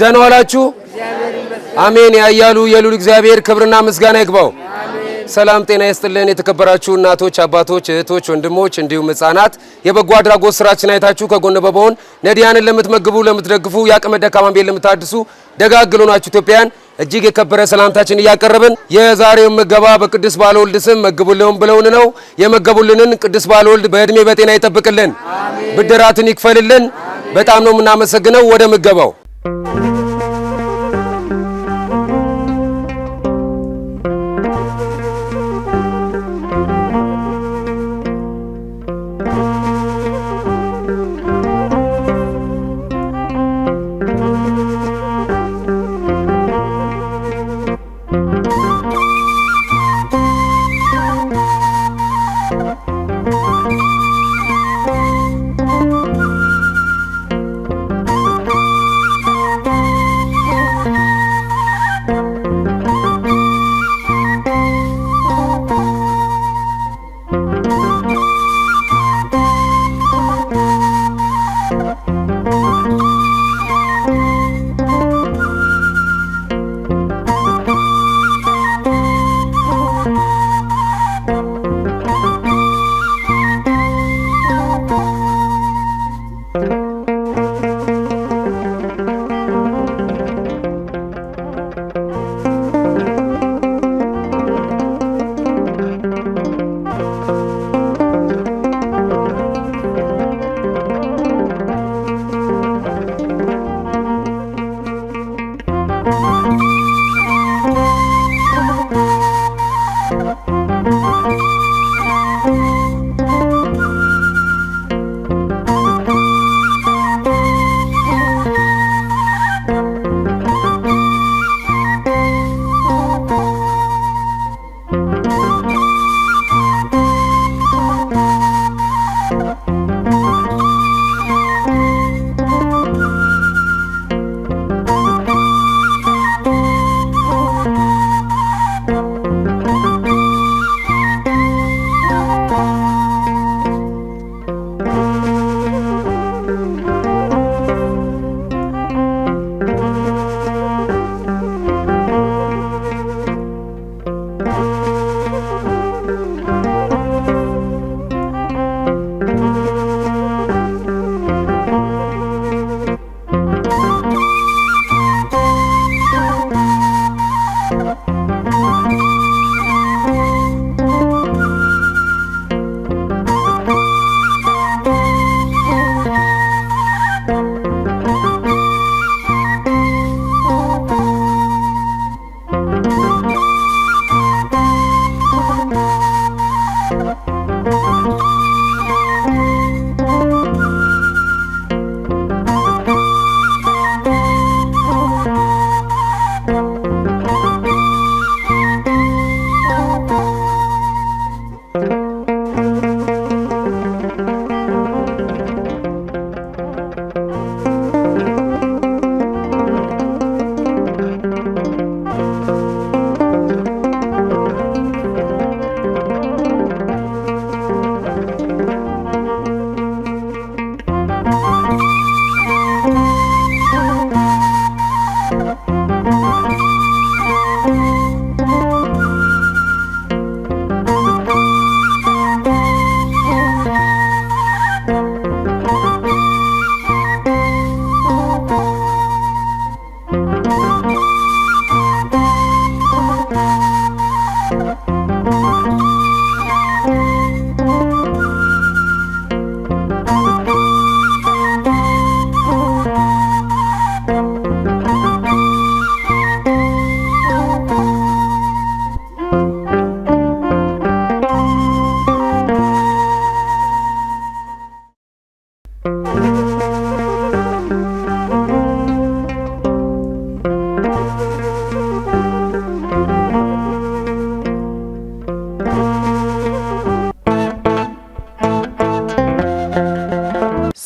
ደህና ዋላችሁ። አሜን። ያያሉ የሉል እግዚአብሔር ክብርና ምስጋና ይግባው። ሰላም ጤና ይስጥልን። የተከበራችሁ እናቶች፣ አባቶች፣ እህቶች፣ ወንድሞች እንዲሁም ህጻናት የበጎ አድራጎት ስራችን አይታችሁ ከጎን በመሆን ነዲያንን ለምትመግቡ፣ ለምትደግፉ የአቅመ ደካማን ቤት ለምታድሱ ደጋግሎ ናችሁ ኢትዮጵያን እጅግ የከበረ ሰላምታችን እያቀረብን የዛሬውን ምገባ በቅዱስ ባለወልድ ስም መግቡልን ብለውን ነው የመገቡልንን። ቅዱስ ባለወልድ በእድሜ በጤና ይጠብቅልን፣ ብድራትን ይክፈልልን። በጣም ነው የምናመሰግነው። ወደ ምገባው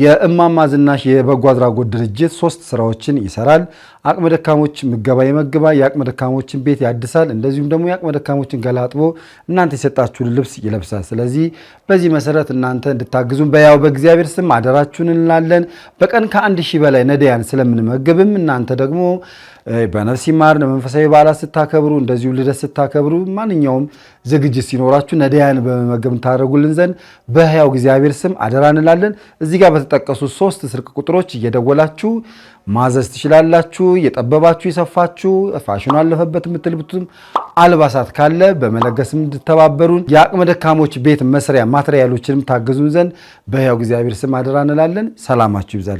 የእማማ ዝናሽ የበጎ አድራጎት ድርጅት ሶስት ስራዎችን ይሰራል። አቅመ ደካሞች ምገባ ይመግባል። የአቅመ ደካሞችን ቤት ያድሳል። እንደዚሁም ደግሞ የአቅመ ደካሞችን ገላጥቦ እናንተ የሰጣችሁን ልብስ ይለብሳል። ስለዚህ በዚህ መሰረት እናንተ እንድታግዙን በያው በእግዚአብሔር ስም አደራችሁን እንላለን። በቀን ከአንድ ሺህ በላይ ነዳያን ስለምንመግብም እናንተ ደግሞ በነፍስ ይማር መንፈሳዊ በዓላት ስታከብሩ፣ እንደዚሁ ልደት ስታከብሩ ማንኛውም ዝግጅት ሲኖራችሁ ነዳያን በመመገብ እንታደረጉልን ዘንድ በህያው እግዚአብሔር ስም አደራ እንላለን። እዚህ ጋር በተጠቀሱ ሶስት ስልክ ቁጥሮች እየደወላችሁ ማዘዝ ትችላላችሁ። እየጠበባችሁ የሰፋችሁ ፋሽኑ አለፈበት የምትልብቱም አልባሳት ካለ በመለገስ እንድተባበሩን የአቅመ ደካሞች ቤት መስሪያ ማትሪያሎችንም ታገዙን ዘንድ በህያው እግዚአብሔር ስም አደራ እንላለን። ሰላማችሁ ይብዛል።